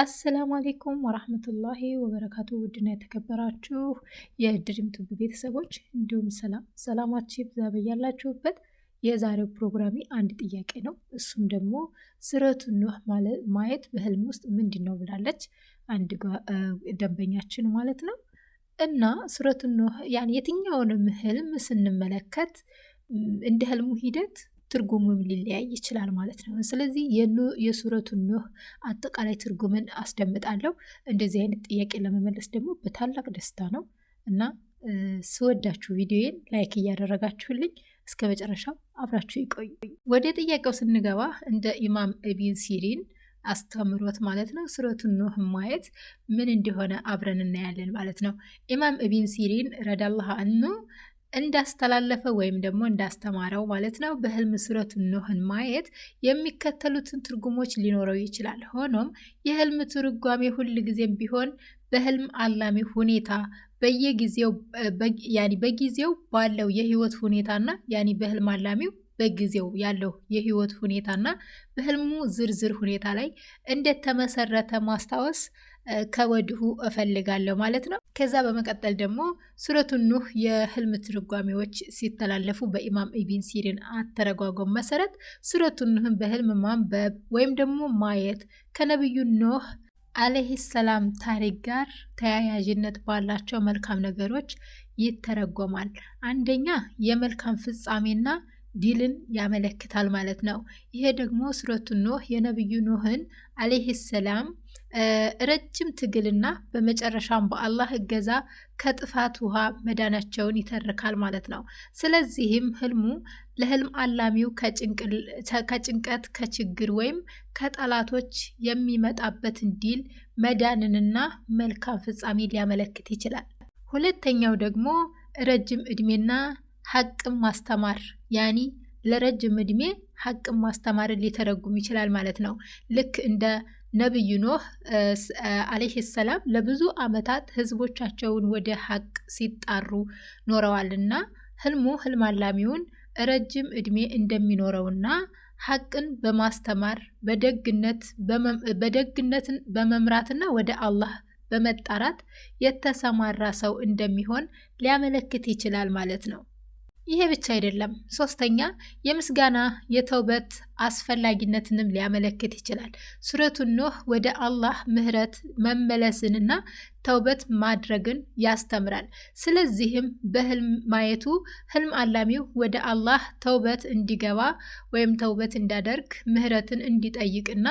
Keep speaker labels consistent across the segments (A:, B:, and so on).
A: አሰላሙ አሌይኩም ወራህመቱላሂ ወበረካቱ። ውድና የተከበራችሁ የድሪም ቱብ ቤተሰቦች እንዲሁም ሰላም ሰላማችሁ ይብዛ በያላችሁበት። የዛሬው ፕሮግራሜ አንድ ጥያቄ ነው። እሱም ደግሞ ስረቱ ኑህ ማየት በህልም ውስጥ ምንድን ነው ብላለች አንድ ደንበኛችን ማለት ነው። እና ስረቱ ኑህ የትኛውንም ህልም ስንመለከት እንደ ህልሙ ሂደት ትርጉሙም ሊለያይ ይችላል ማለት ነው። ስለዚህ የሱረቱ ኖህ አጠቃላይ ትርጉምን አስደምጣለሁ። እንደዚህ አይነት ጥያቄ ለመመለስ ደግሞ በታላቅ ደስታ ነው እና ስወዳችሁ ቪዲዮዬን ላይክ እያደረጋችሁልኝ እስከ መጨረሻው አብራችሁ ይቆዩ። ወደ ጥያቄው ስንገባ እንደ ኢማም እቢን ሲሪን አስተምሮት ማለት ነው ሱረቱን ኖህ ማየት ምን እንደሆነ አብረን እናያለን ማለት ነው። ኢማም እቢን ሲሪን ረዳላህ አንሁ እንዳስተላለፈ ወይም ደግሞ እንዳስተማረው ማለት ነው። በህልም ሱረቱ ኖህን ማየት የሚከተሉትን ትርጉሞች ሊኖረው ይችላል። ሆኖም የህልም ትርጓሜ ሁል ጊዜም ቢሆን በህልም አላሚ ሁኔታ በየጊዜው በጊዜው ባለው የህይወት ሁኔታና ያኒ በህልም አላሚው በጊዜው ያለው የህይወት ሁኔታና በህልሙ ዝርዝር ሁኔታ ላይ እንደተመሰረተ ማስታወስ ከወዲሁ እፈልጋለሁ ማለት ነው። ከዛ በመቀጠል ደግሞ ሱረቱ ኑህ የህልም ትርጓሜዎች ሲተላለፉ በኢማም ኢቢን ሲሪን አተረጓጎም መሰረት ሱረቱ ኑህን በህልም ማንበብ ወይም ደግሞ ማየት ከነቢዩ ኖህ አለህ ሰላም ታሪክ ጋር ተያያዥነት ባላቸው መልካም ነገሮች ይተረጎማል። አንደኛ የመልካም ፍጻሜና ዲልን ያመለክታል ማለት ነው። ይሄ ደግሞ ሱረቱ ኖህ የነቢዩ ኖህን አሌህ ሰላም ረጅም ትግልና በመጨረሻም በአላህ እገዛ ከጥፋት ውሃ መዳናቸውን ይተርካል ማለት ነው። ስለዚህም ህልሙ ለህልም አላሚው ከጭንቀት ከችግር ወይም ከጠላቶች የሚመጣበትን ዲል መዳንንና መልካም ፍጻሜ ሊያመለክት ይችላል። ሁለተኛው ደግሞ ረጅም እድሜና ሀቅም ማስተማር ያኒ ለረጅም እድሜ ሀቅም ማስተማርን ሊተረጉም ይችላል ማለት ነው። ልክ እንደ ነቢዩ ኖህ አለይህ ሰላም ለብዙ ዓመታት ህዝቦቻቸውን ወደ ሀቅ ሲጣሩ ኖረዋልና ህልሙ ህልም አላሚውን ረጅም እድሜ እንደሚኖረውና ሀቅን በማስተማር በደግነትን በመምራትና ወደ አላህ በመጣራት የተሰማራ ሰው እንደሚሆን ሊያመለክት ይችላል ማለት ነው። ይሄ ብቻ አይደለም። ሶስተኛ የምስጋና የተውበት አስፈላጊነትንም ሊያመለክት ይችላል። ሱረቱ ኖህ ወደ አላህ ምህረት መመለስንና ተውበት ማድረግን ያስተምራል። ስለዚህም በህልም ማየቱ ህልም አላሚው ወደ አላህ ተውበት እንዲገባ ወይም ተውበት እንዲያደርግ ምህረትን እንዲጠይቅና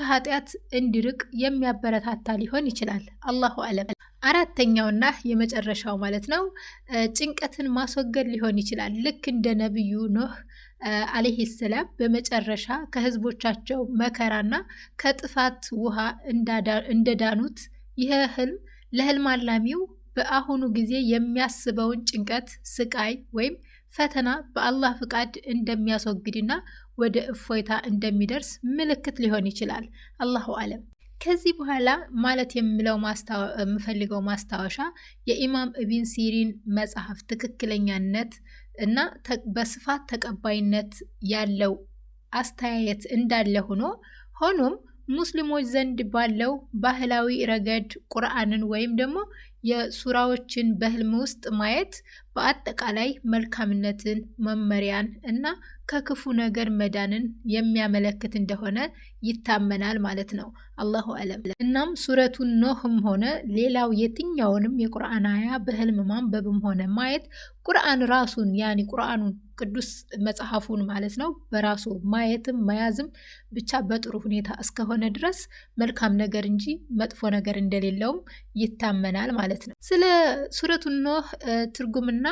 A: ከኃጢአት እንዲርቅ የሚያበረታታ ሊሆን ይችላል። አላሁ አለም። አራተኛውና የመጨረሻው ማለት ነው ጭንቀትን ማስወገድ ሊሆን ይችላል። ልክ እንደ ነቢዩ ኖህ አለይሂ ሰላም በመጨረሻ ከህዝቦቻቸው መከራና ከጥፋት ውሃ እንደዳኑት ይህ ህልም ለህልም አላሚው በአሁኑ ጊዜ የሚያስበውን ጭንቀት፣ ስቃይ ወይም ፈተና በአላህ ፍቃድ እንደሚያስወግድና ወደ እፎይታ እንደሚደርስ ምልክት ሊሆን ይችላል። አላሁ አለም። ከዚህ በኋላ ማለት የምለው የምፈልገው ማስታወሻ የኢማም ኢብን ሲሪን መጽሐፍ ትክክለኛነት እና በስፋት ተቀባይነት ያለው አስተያየት እንዳለ ሆኖ ሆኖም ሙስሊሞች ዘንድ ባለው ባህላዊ ረገድ ቁርአንን ወይም ደግሞ የሱራዎችን በህልም ውስጥ ማየት በአጠቃላይ መልካምነትን፣ መመሪያን እና ከክፉ ነገር መዳንን የሚያመለክት እንደሆነ ይታመናል ማለት ነው። አላሁ አለም። እናም ሱረቱ ኖህም ሆነ ሌላው የትኛውንም የቁርአን አያ በህልም ማንበብም ሆነ ማየት ቁርአን ራሱን ያኒ ቁርአኑን ቅዱስ መጽሐፉን ማለት ነው በራሱ ማየትም መያዝም ብቻ በጥሩ ሁኔታ እስከሆነ ድረስ መልካም ነገር እንጂ መጥፎ ነገር እንደሌለውም ይታመናል ማለት ነው። ስለ ሱረቱ ኖህ ትርጉምና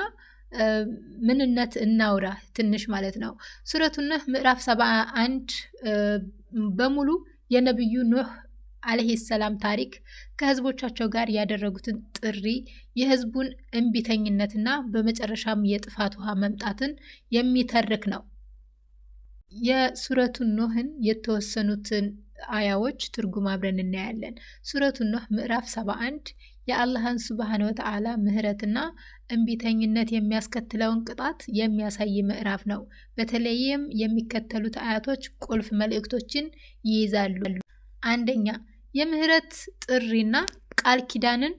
A: ምንነት እናውራ ትንሽ ማለት ነው። ሱረቱ ኑህ ምዕራፍ 71 በሙሉ የነቢዩ ኑህ አለህ ሰላም ታሪክ ከህዝቦቻቸው ጋር ያደረጉትን ጥሪ የህዝቡን እምቢተኝነትና በመጨረሻም የጥፋት ውሃ መምጣትን የሚተርክ ነው። የሱረቱ ኑህን የተወሰኑትን አያዎች ትርጉም አብረን እናያለን። ሱረቱ ኑህ ምዕራፍ 71 የአላህን ሱብሃነ ወተዓላ ምህረትና እምቢተኝነት የሚያስከትለውን ቅጣት የሚያሳይ ምዕራፍ ነው። በተለይም የሚከተሉት አያቶች ቁልፍ መልእክቶችን ይይዛሉ። አንደኛ፣ የምህረት ጥሪና ቃል ኪዳንን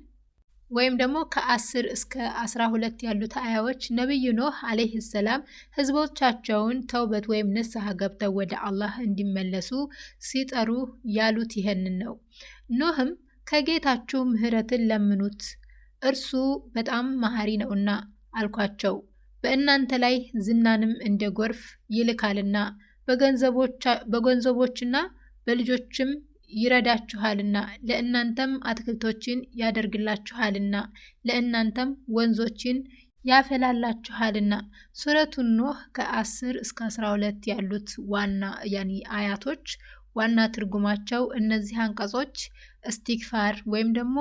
A: ወይም ደግሞ ከአስር እስከ አስራ ሁለት ያሉት አያዎች ነቢዩ ኖህ አለይህ ሰላም ህዝቦቻቸውን ተውበት ወይም ንስሐ ገብተው ወደ አላህ እንዲመለሱ ሲጠሩ ያሉት ይህንን ነው። ኖህም ከጌታችሁ ምሕረትን ለምኑት እርሱ በጣም መሐሪ ነውና አልኳቸው። በእናንተ ላይ ዝናንም እንደ ጎርፍ ይልካልና በገንዘቦችና በልጆችም ይረዳችኋልና ለእናንተም አትክልቶችን ያደርግላችኋልና ለእናንተም ወንዞችን ያፈላላችኋልና። ሱረቱ ኖህ ከ10 እስከ 12 ያሉት ዋና ያኒ አያቶች ዋና ትርጉማቸው እነዚህ አንቀጾች እስቲግፋር ወይም ደግሞ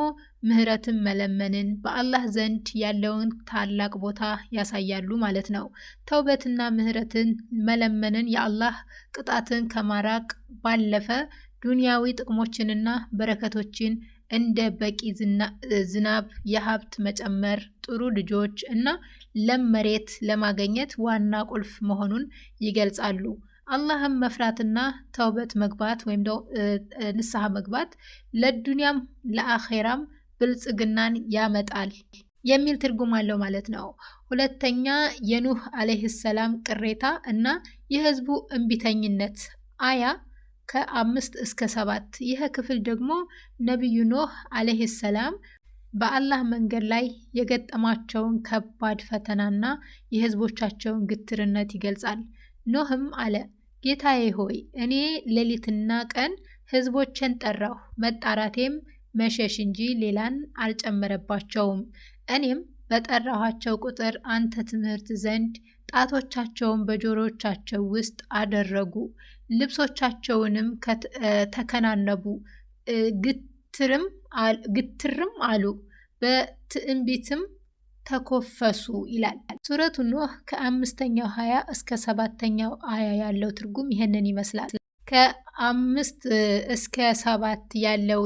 A: ምህረትን መለመንን በአላህ ዘንድ ያለውን ታላቅ ቦታ ያሳያሉ ማለት ነው። ተውበትና ምህረትን መለመንን የአላህ ቅጣትን ከማራቅ ባለፈ ዱንያዊ ጥቅሞችንና በረከቶችን እንደ በቂ ዝናብ፣ የሀብት መጨመር፣ ጥሩ ልጆች እና ለም መሬት ለማገኘት ዋና ቁልፍ መሆኑን ይገልጻሉ። አላህም መፍራትና ተውበት መግባት ወይም ንስሐ መግባት ለዱንያም ለአኼራም ብልጽግናን ያመጣል የሚል ትርጉም አለው ማለት ነው። ሁለተኛ የኑህ ዓለይህ ሰላም ቅሬታ እና የህዝቡ እምቢተኝነት አያ ከአምስት እስከ ሰባት ይህ ክፍል ደግሞ ነቢዩ ኖህ ዓለይህ ሰላም በአላህ መንገድ ላይ የገጠማቸውን ከባድ ፈተናና የህዝቦቻቸውን ግትርነት ይገልጻል። ኖህም አለ ጌታዬ ሆይ እኔ ሌሊትና ቀን ህዝቦችን ጠራሁ፣ መጣራቴም መሸሽ እንጂ ሌላን አልጨመረባቸውም። እኔም በጠራኋቸው ቁጥር አንተ ትምህርት ዘንድ ጣቶቻቸውን በጆሮቻቸው ውስጥ አደረጉ፣ ልብሶቻቸውንም ተከናነቡ፣ ግትርም አሉ፣ በትዕቢትም ተኮፈሱ ይላል። ሱረቱ ኖህ ከአምስተኛው ሀያ እስከ ሰባተኛው አያ ያለው ትርጉም ይህንን ይመስላል። ከአምስት እስከ ሰባት ያለው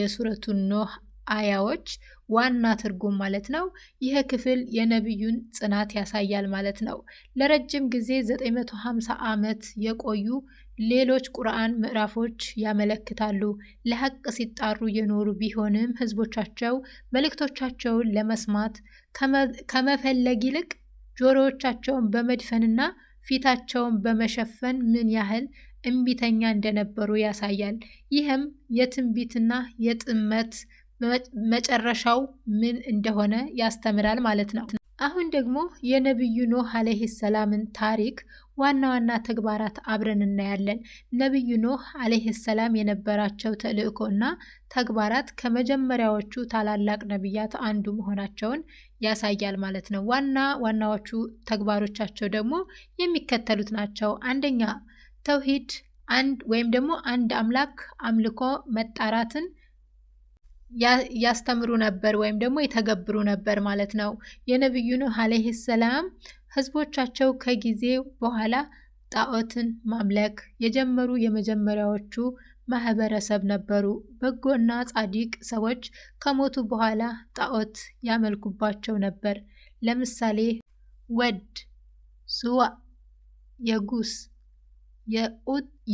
A: የሱረቱ ኖህ አያዎች ዋና ትርጉም ማለት ነው። ይህ ክፍል የነቢዩን ጽናት ያሳያል ማለት ነው። ለረጅም ጊዜ 950 ዓመት የቆዩ ሌሎች ቁርአን ምዕራፎች ያመለክታሉ። ለሐቅ ሲጣሩ የኖሩ ቢሆንም ህዝቦቻቸው መልእክቶቻቸውን ለመስማት ከመፈለግ ይልቅ ጆሮዎቻቸውን በመድፈንና ፊታቸውን በመሸፈን ምን ያህል እምቢተኛ እንደነበሩ ያሳያል። ይህም የትንቢትና የጥመት መጨረሻው ምን እንደሆነ ያስተምራል ማለት ነው። አሁን ደግሞ የነቢዩ ኖህ አለይሂ ሰላምን ታሪክ ዋና ዋና ተግባራት አብረን እናያለን። ነቢዩ ኖህ አለይሂ ሰላም የነበራቸው እና ተግባራት ከመጀመሪያዎቹ ታላላቅ ነቢያት አንዱ መሆናቸውን ያሳያል ማለት ነው። ዋና ዋናዎቹ ተግባሮቻቸው ደግሞ የሚከተሉት ናቸው። አንደኛ ተውሂድ፣ አንድ ወይም ደግሞ አንድ አምላክ አምልኮ መጣራትን ያስተምሩ ነበር ወይም ደግሞ የተገብሩ ነበር ማለት ነው። የነቢዩ ኑህ ዓለይሂ ሰላም ህዝቦቻቸው ከጊዜ በኋላ ጣዖትን ማምለክ የጀመሩ የመጀመሪያዎቹ ማህበረሰብ ነበሩ። በጎና ጻዲቅ ሰዎች ከሞቱ በኋላ ጣዖት ያመልኩባቸው ነበር። ለምሳሌ ወድ፣ ስዋ፣ የጉስ፣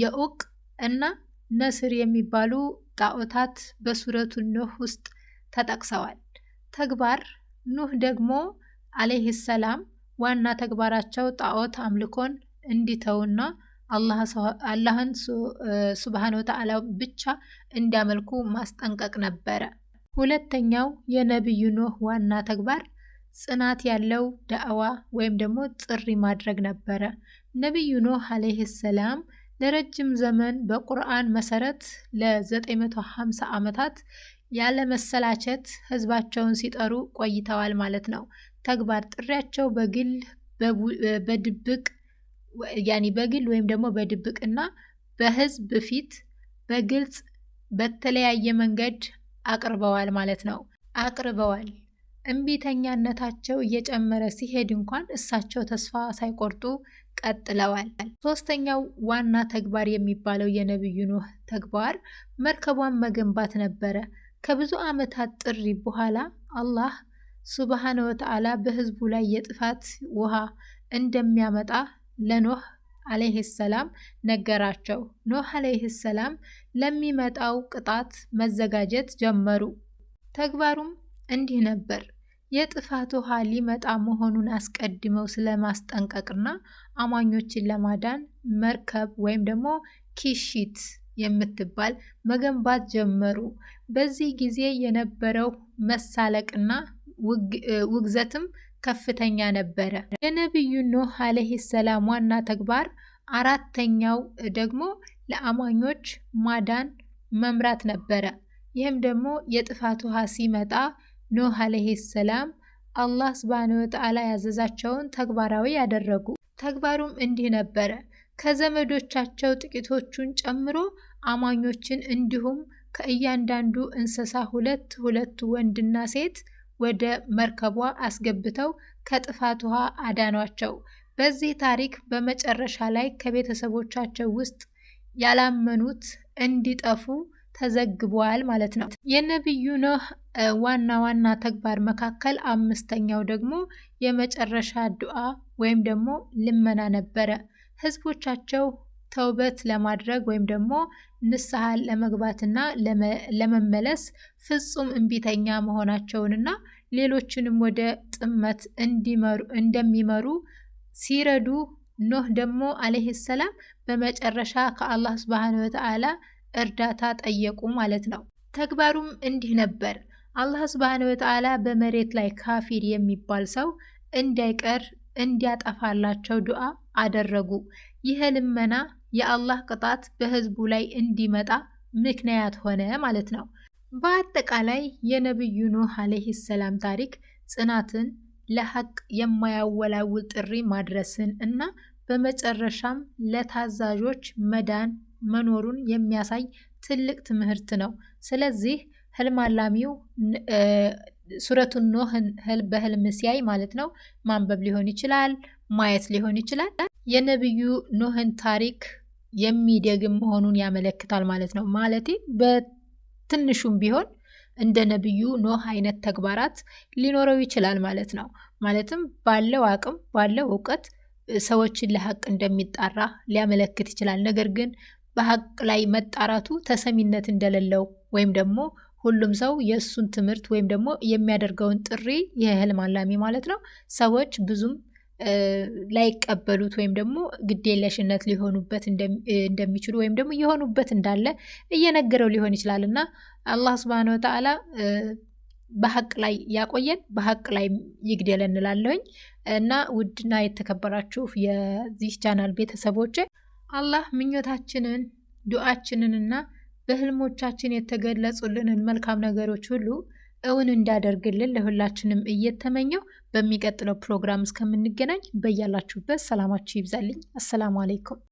A: የኡቅ እና ነስር የሚባሉ ጣዖታት በሱረቱ ኑህ ውስጥ ተጠቅሰዋል። ተግባር ኑህ ደግሞ አለይህ ሰላም ዋና ተግባራቸው ጣዖት አምልኮን እንዲተውና አላህን ሱብሃነ ወተዓላ ብቻ እንዲያመልኩ ማስጠንቀቅ ነበረ። ሁለተኛው የነቢዩ ኖህ ዋና ተግባር ጽናት ያለው ዳዕዋ ወይም ደግሞ ጥሪ ማድረግ ነበረ። ነቢዩ ኖህ አለይህ ሰላም ለረጅም ዘመን በቁርአን መሰረት ለ950 ዓመታት ያለመሰላቸት ህዝባቸውን ሲጠሩ ቆይተዋል ማለት ነው። ተግባር ጥሪያቸው በግል በድብቅ ያኒ በግል ወይም ደግሞ በድብቅና በህዝብ ፊት በግልጽ በተለያየ መንገድ አቅርበዋል ማለት ነው። አቅርበዋል እምቢተኛነታቸው እየጨመረ ሲሄድ እንኳን እሳቸው ተስፋ ሳይቆርጡ ቀጥለዋል። ሶስተኛው ዋና ተግባር የሚባለው የነቢዩ ኖህ ተግባር መርከቧን መገንባት ነበረ። ከብዙ ዓመታት ጥሪ በኋላ አላህ ሱብሃነ ወተዓላ በህዝቡ ላይ የጥፋት ውሃ እንደሚያመጣ ለኖህ አለይህ ሰላም ነገራቸው። ኖህ አለይህ ሰላም ለሚመጣው ቅጣት መዘጋጀት ጀመሩ። ተግባሩም እንዲህ ነበር። የጥፋት ውሃ ሊመጣ መሆኑን አስቀድመው ስለማስጠንቀቅና አማኞችን ለማዳን መርከብ ወይም ደግሞ ኪሺት የምትባል መገንባት ጀመሩ። በዚህ ጊዜ የነበረው መሳለቅና ውግዘትም ከፍተኛ ነበረ። የነቢዩ ኖህ ዓለይሂ ሰላም ዋና ተግባር አራተኛው ደግሞ ለአማኞች ማዳን መምራት ነበረ። ይህም ደግሞ የጥፋት ውሃ ሲመጣ ኖህ አለይሂ ሰላም አላህ ሱብሃነሁ ወተዓላ ያዘዛቸውን ተግባራዊ ያደረጉ። ተግባሩም እንዲህ ነበረ። ከዘመዶቻቸው ጥቂቶቹን ጨምሮ አማኞችን እንዲሁም ከእያንዳንዱ እንስሳ ሁለት ሁለት ወንድና ሴት ወደ መርከቧ አስገብተው ከጥፋት ውሃ አዳኗቸው። በዚህ ታሪክ በመጨረሻ ላይ ከቤተሰቦቻቸው ውስጥ ያላመኑት እንዲጠፉ ተዘግቧል ማለት ነው። የነቢዩ ኖህ ዋና ዋና ተግባር መካከል አምስተኛው ደግሞ የመጨረሻ ዱዓ ወይም ደግሞ ልመና ነበረ። ህዝቦቻቸው ተውበት ለማድረግ ወይም ደግሞ ንስሐ ለመግባትና ለመመለስ ፍጹም እምቢተኛ መሆናቸውንና ሌሎችንም ወደ ጥመት እንደሚመሩ ሲረዱ ኖህ ደግሞ አለይሂ ሰላም በመጨረሻ ከአላህ ሱብሃነሁ ወተዓላ እርዳታ ጠየቁ ማለት ነው። ተግባሩም እንዲህ ነበር። አላህ ስብሃነ ወተዓላ በመሬት ላይ ካፊር የሚባል ሰው እንዳይቀር እንዲያጠፋላቸው ዱዓ አደረጉ። ይህ ልመና የአላህ ቅጣት በህዝቡ ላይ እንዲመጣ ምክንያት ሆነ ማለት ነው። በአጠቃላይ የነቢዩ ኑህ ዓለይሂ ሰላም ታሪክ ጽናትን፣ ለሐቅ የማያወላውል ጥሪ ማድረስን እና በመጨረሻም ለታዛዦች መዳን መኖሩን የሚያሳይ ትልቅ ትምህርት ነው። ስለዚህ ህልም አላሚው ሱረቱን ኖህን በህልም ሲያይ ማለት ነው ማንበብ ሊሆን ይችላል፣ ማየት ሊሆን ይችላል። የነቢዩ ኖህን ታሪክ የሚደግም መሆኑን ያመለክታል ማለት ነው። ማለቴ በትንሹም ቢሆን እንደ ነቢዩ ኖህ አይነት ተግባራት ሊኖረው ይችላል ማለት ነው። ማለትም ባለው አቅም ባለው እውቀት ሰዎችን ለሀቅ እንደሚጣራ ሊያመለክት ይችላል። ነገር ግን በሀቅ ላይ መጣራቱ ተሰሚነት እንደሌለው ወይም ደግሞ ሁሉም ሰው የእሱን ትምህርት ወይም ደግሞ የሚያደርገውን ጥሪ የህልም አላሚ ማለት ነው ሰዎች ብዙም ላይቀበሉት ወይም ደግሞ ግዴለሽነት ሊሆኑበት እንደሚችሉ ወይም ደግሞ የሆኑበት እንዳለ እየነገረው ሊሆን ይችላል እና አላህ ስብሃነ ወተዓላ በሀቅ ላይ ያቆየን በሀቅ ላይ ይግደለ እንላለሁኝ እና ውድና የተከበራችሁ የዚህ ቻናል ቤተሰቦች አላህ ምኞታችንን ዱዓችንንና በህልሞቻችን የተገለጹልንን መልካም ነገሮች ሁሉ እውን እንዳደርግልን ለሁላችንም እየተመኘው በሚቀጥለው ፕሮግራም እስከምንገናኝ በያላችሁበት ሰላማችሁ ይብዛልኝ። አሰላሙ አሌይኩም